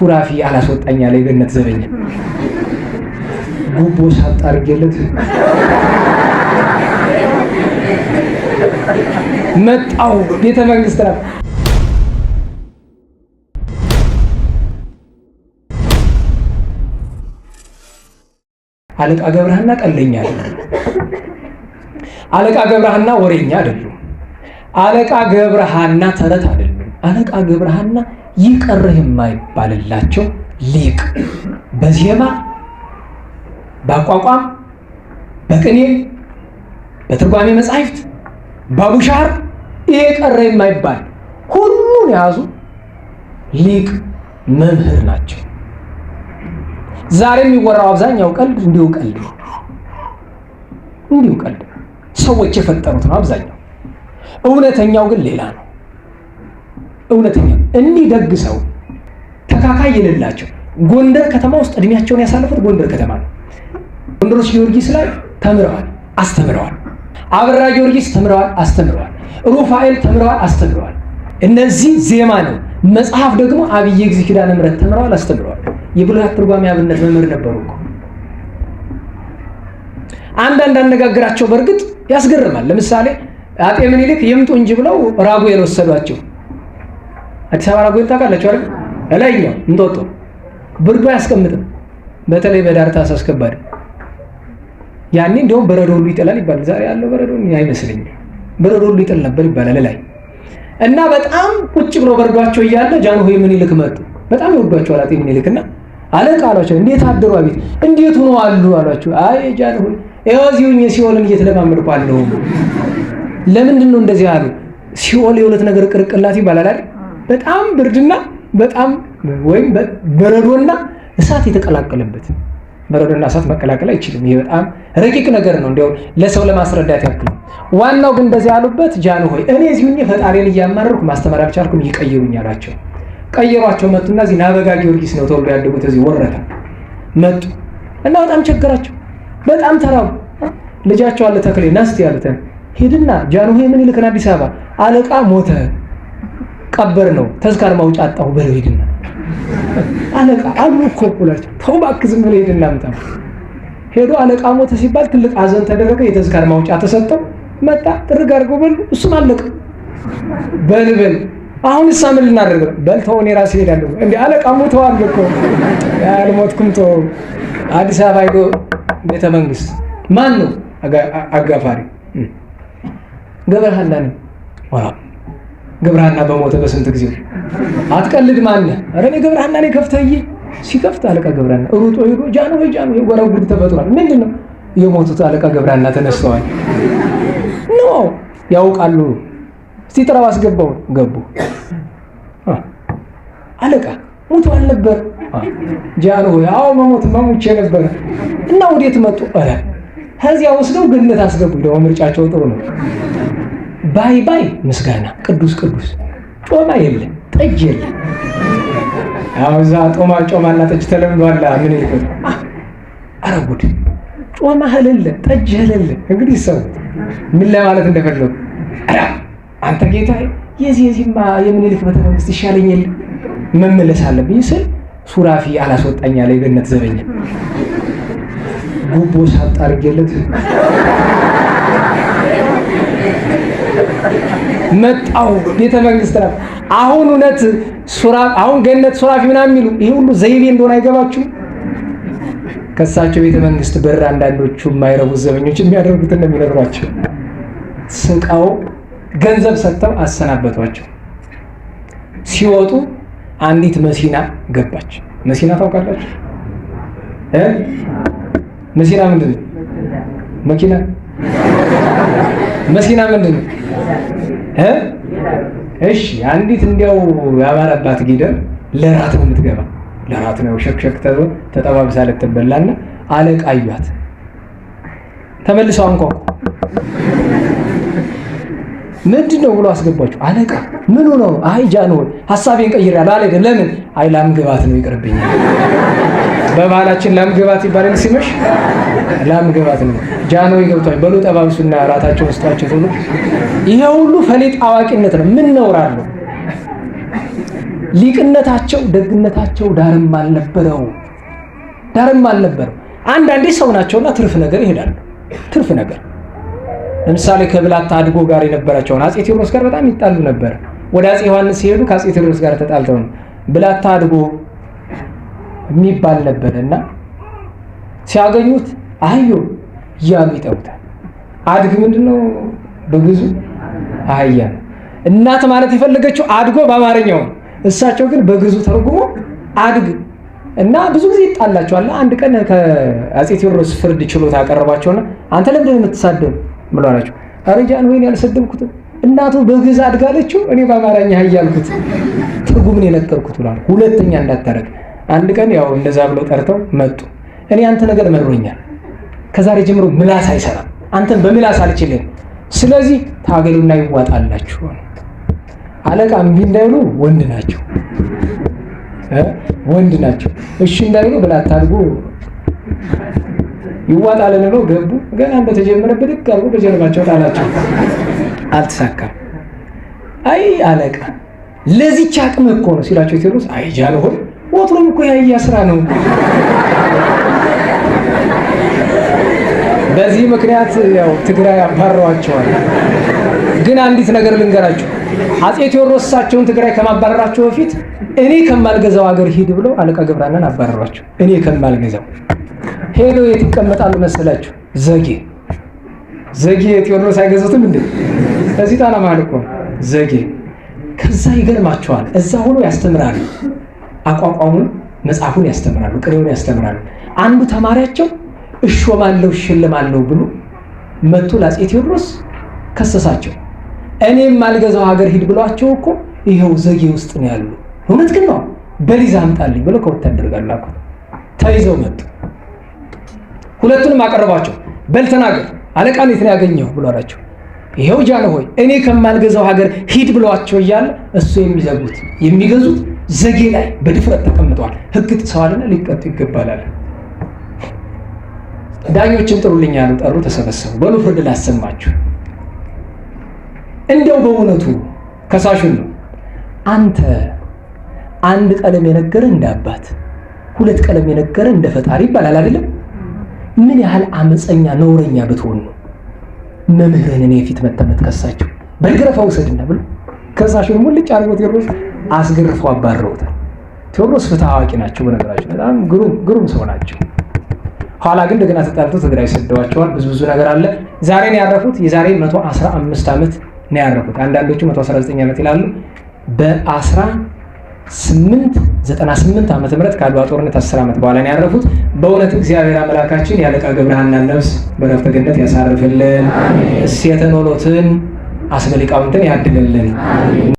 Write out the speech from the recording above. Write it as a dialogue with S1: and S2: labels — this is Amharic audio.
S1: ሱራፊ አላስወጣኝ ያለ የገነት ዘበኛ ጉቦ ሳጥ አድርጌለት መጣው ቤተ መንግስት ነው። አለቃ ገብረሃና ቀለኛ አይደለም። አለቃ ገብረሃና ወሬኛ አይደሉም። አለቃ ገብረሃና ተረት አይደለም። አለቃ ገብረሃና ይቀርህ የማይባልላቸው ሊቅ በዜማ በአቋቋም በቅኔ በትርጓሜ መጻሕፍት በቡሻር ይሄ ቀረ የማይባል ሁሉን የያዙ ሊቅ መምህር ናቸው። ዛሬ የሚወራው አብዛኛው ቀልድ እንዲሁ ቀልድ እንዲሁ ቀልድ ሰዎች የፈጠሩት ነው። አብዛኛው እውነተኛው ግን ሌላ ነው። እውነተኛ እኒህ ደግ ሰው ተካካይ የሌላቸው ጎንደር ከተማ ውስጥ እድሜያቸውን ያሳለፉት ጎንደር ከተማ ነው። ጎንደሮች ጊዮርጊስ ላይ ተምረዋል፣ አስተምረዋል። አበራ ጊዮርጊስ ተምረዋል፣ አስተምረዋል። ሩፋኤል ተምረዋል፣ አስተምረዋል። እነዚህ ዜማ ነው። መጽሐፍ ደግሞ አብይ እግዚእ ኪዳነ ምሕረት ተምረዋል፣ አስተምረዋል። የብሉያት ትርጓሜ አብነት መምህር ነበሩ እኮ። አንዳንድ አነጋገራቸው በእርግጥ ያስገርማል። ለምሳሌ አጤ ምኒልክ ይምጡ እንጂ ብለው ራጉኤል ወሰዷቸው። አዲስ አበባ ራጎ ታውቃላችሁ አይደል? እላይ እንጦጦ ብርዱ አያስቀምጥም። በተለይ በዳር ታህሳስ ከባድ ያኔ እንደውም በረዶ ሁሉ ይጥላል ይባላል። ዛሬ ያለው በረዶ አይመስለኝም። በረዶ ሁሉ ይጥል ነበር ይባላል እላይ እና በጣም ቁጭ ብሎ በርዷቸው እያለ ጃንሆይ ይልክ መጡ። በጣም ይወዷቸው አላጤ ይልክና አለቃ አሏቸው። እንዴት አደሩ አቤት፣ እንዴት ሆኖ አሉ አሏቸው። አይ ጃንሆይ ይኸው እዚሁ ሲኦልን እየተለማመድኩ አለሁ። ለምንድን ነው እንደዚህ አሉ? ሲኦል የሁለት ነገር ቅርቅላት ይባላል አይደል በጣም ብርድና በጣም ወይም በረዶና እሳት የተቀላቀለበት በረዶና እሳት መቀላቀል አይችልም። ይሄ በጣም ረቂቅ ነገር ነው፣ እንዲያው ለሰው ለማስረዳት ያክል። ዋናው ግን በዚህ ያሉበት ጃን ሆይ እኔ እዚሁ ፈጣሪን እያማረርኩ ማስተማር አልቻልኩም፣ ይቀይሩኝ አላቸው። ቀየሯቸው። መጡና እዚህ ናበጋ ጊዮርጊስ ነው ተወልዶ ያደጉት እዚህ ወረታ መጡ እና በጣም ቸገራቸው፣ በጣም ተራቡ። ልጃቸው አለ ተክሌ ናስቲ ያሉትን ሄድና ጃን ሆይ ምን ይልከን አዲስ አበባ አለቃ ሞተ ልቀበር ነው ተዝካር ማውጫ አጣሁ በለው ሂድና አለቃ አሉ እኮ ብላቸው ተው እባክህ ዝም ብለህ ሂድና ምጣ ሄዶ አለቃ ሞተ ሲባል ትልቅ አዘን ተደረገ የተዝካር ማውጫ ተሰጠው መጣ ጥርግ አድርገው በሉ እሱም አለቀ በል በል አሁን እሳ ምን ልናደርግ ነው በል ተው እኔ ራሴ ሄዳለሁ እንደ አለቃ ሞተዋል እኮ አልሞትኩም ተው አዲስ አበባ ሄዶ ቤተ መንግስት ማን ነው አጋፋሪ ገበረ ሀላንም ገብረሃና በሞተ በስንት ጊዜ አትቀልድ ማነ ኧረ እኔ ገብረሃና እኔ ከፍተህ ሲከፍት አለቃ ገብረሃና ሩጦ ሄዶ ጃኖ ወይ ጃኖ የጎራው ጉድ ተፈጥሯል። ምንድን ነው የሞቱት አለቃ ገብረሃና ተነስተዋል። ኖ ያውቃሉ። እስቲ ጥራው አስገባው ገቡ አለቃ ሙተዋል ነበር ጃኖ ወይ አዎ መሞት መሙቼ ነበር እና ወዴት መጡ? ኧረ ከዚያ ወስደው ግነት አስገቡ። ደግሞ ምርጫቸው ጥሩ ነው። ባይ ባይ ምስጋና ቅዱስ ቅዱስ ጮማ የለ ጠጅ የለ። አውዛ ጦማ ጮማና ጠጅ ተለምዷላ። ምን ይ አረ ጉድ! ጮማ ህልለ ጠጅ ህልለ። እንግዲህ ሰው ምን ለማለት እንደፈለጉ አንተ ጌታ የዚህ የዚህማ የምኒልክ ቤተ ይሻለኝ የለ መመለስ አለብኝ ስል ሱራፊ አላስወጣኛ ላይ ገነት ዘበኛ ጉቦ ሳጣርጌለት መጣው ቤተ መንግስት ነው። አሁን እውነት ሱራ አሁን ገነት ሱራፊ ምናምን የሚሉ ይሄ ሁሉ ዘይቤ እንደሆነ አይገባችሁም? ከሳቸው ቤተ መንግስት በር አንዳንዶቹ የማይረቡ ዘበኞች የሚያደርጉት እንደሚነግሯቸው ስቃው ገንዘብ ሰጥተው አሰናበቷቸው። ሲወጡ አንዲት መሲና ገባች። መሲና ታውቃላችሁ? መሲና ምንድን ነው? መኪና መስኪና ምንድን ነው? እሺ አንዲት እንዲያው ያማረባት ጊደር ለራት ነው የምትገባ። ለራት ነው ሸክሸክ ተ ተጠባብሳ ልትበላና አለቃ አዩት። ተመልሶ አንኳኩ። ምንድን ነው ብሎ አስገባችሁ። አለቃ ምኑ ነው? አይ ጃንሆይ ሀሳቤን ቀይሬያለሁ። አለቃ ለምን? አይ ላምግባት ነው ይቅርብኛል። በባህላችን ላምግባት ይባላል። ሲመሽ ላምግባት ነው። ጃኖ ይገብቷል። በሉ ጠባብሱና ራታቸውን ስጧቸው ተብሎ ይሄ ሁሉ ፈሊጥ አዋቂነት ነው። ምን ነውር አለው? ሊቅነታቸው ደግነታቸው ዳርም አልነበረው፣ ዳርም አልነበረው። አንዳንዴ ሰው ናቸውና ትርፍ ነገር ይሄዳሉ። ትርፍ ነገር ለምሳሌ ከብላታ አድጎ ጋር የነበራቸውን አጼ ቴዎድሮስ ጋር በጣም ይጣሉ ነበር። ወደ አጼ ዮሐንስ ሲሄዱ ከአጼ ቴዎድሮስ ጋር ተጣልተው ነው ብላታ አድጎ የሚባል ነበርና ሲያገኙት አህዮ እያሉ ይጠሩታል። አድግ ምንድን ነው በግዙ አህያ እናት ማለት የፈለገችው አድጎ በአማርኛው እሳቸው ግን በግዙ ተርጉሞ አድግ እና ብዙ ጊዜ ይጣላቸዋል። አንድ ቀን ከአጼ ቴዎድሮስ ፍርድ ችሎት ያቀረባቸውና አንተ ለምንድን ነው የምትሳደብ ብሏላቸው። አረጃን ወይን ያልሰደብኩት እናቱ በግዕዝ አድጋለችው እኔ በአማርኛ ያልኩት ትርጉምን የነገርኩት ብሏል። ሁለተኛ እንዳታረግ አንድ ቀን ያው እንደዛ ብለው ጠርተው መጡ። እኔ አንተ ነገር መሮኛል፣ ከዛሬ ጀምሮ ምላስ አይሰራም፣ አንተን በምላስ አልችልም፣ ስለዚህ ታገሉና ይዋጣላችሁ። አለቃ እምቢ እንዳይሉ ወንድ ናቸው ወንድ ናቸው። እሺ እንዳይሉ ብላ አድርጎ ይዋጣልን ብለው ገቡ። ገና በተጀመረ ብድግ አድርጎ በጀርባቸው ጣላቸው። አልተሳካም። አይ አለቃ ለዚች አቅም እኮ ነው ሲላቸው ቴዎድሮስ አይ ጃልሆን ቆጥሮም እኮ ያያ ስራ ነው። በዚህ ምክንያት ያው ትግራይ አባረዋቸዋል። ግን አንዲት ነገር ልንገራችሁ አጼ ቴዎድሮስ እሳቸውን ትግራይ ከማባረራቸው በፊት እኔ ከማልገዛው ሀገር ሂድ ብለው አለቃ ገብረሃናን አባረሯቸው። እኔ ከማልገዛው ሄዶ የት ይቀመጣሉ መሰላችሁ? ዘጌ ዘጌ ቴዎድሮስ አይገዙትም እንዴ? ከዚህ ጣና መሀል ዘጌ። ከዛ ይገርማቸዋል። እዛ ሆኖ ያስተምራል። አቋቋሙን መጽሐፉን ያስተምራሉ፣ ቅኔውን ያስተምራሉ። አንዱ ተማሪያቸው እሾማለሁ እሸልማለሁ ብሎ መጥቶ ለአፄ ቴዎድሮስ ከሰሳቸው። እኔም ማልገዛው ሀገር ሂድ ብሏቸው እኮ ይኸው ዘጌ ውስጥ ነው ያሉ። እውነት ግን ነው በሊዝ አምጣልኝ ብሎ ከወታደር ጋር ላኩት። ተይዘው መጡ። ሁለቱንም አቀረቧቸው። በል ተናገር አለቃን የት ነው ያገኘው ብሎ አላቸው። ይኸው ጃንሆይ እኔ ከማልገዛው ሀገር ሂድ ብሏቸው እያለ እሱ የሚዘጉት የሚገዙት ዘጌ ላይ በድፍረት ተቀምጠዋል። ህግ ጥሰዋልና ሊቀጡ ይገባላል። ዳኞችን ጥሩልኛ ያሉ ጠሩ፣ ተሰበሰቡ። በሉ ፍርድ ላሰማችሁ። እንደው በእውነቱ ከሳሹን ነው አንተ አንድ ቀለም የነገረ እንደ አባት ሁለት ቀለም የነገረ እንደ ፈጣሪ ይባላል አይደለም? ምን ያህል አመፀኛ ነውረኛ ብትሆን ነው መምህርን እኔ ፊት መተመት ከሳቸው በግረፋ ውሰድና ብሎ ከሳሹን ሙልጭ አርጎት ገሮች አስገርፈው አባረውታል። ቴዎድሮስ ፍትህ አዋቂ ናቸው። በነገራቸው በጣም ግሩም ሰው ናቸው። ኋላ ግን እንደገና ተጣልተው ትግራይ ሰደዋቸዋል። ብዙ ብዙ ነገር አለ። ዛሬ ነው ያረፉት። የዛሬ 115 ዓመት ነው ያረፉት። አንዳንዶቹ 119 ዓመት ይላሉ። በ1898 ዓመተ ምህረት ከአድዋ ጦርነት 10 ዓመት በኋላ ነው ያረፉት። በእውነት እግዚአብሔር አምላካችን የአለቃ ገብረሐናን ነፍስ በረፍተ ገነት ያሳርፍልን፣ እሴተ ኖሎትን አስበሊቃውንትን ያድልልን።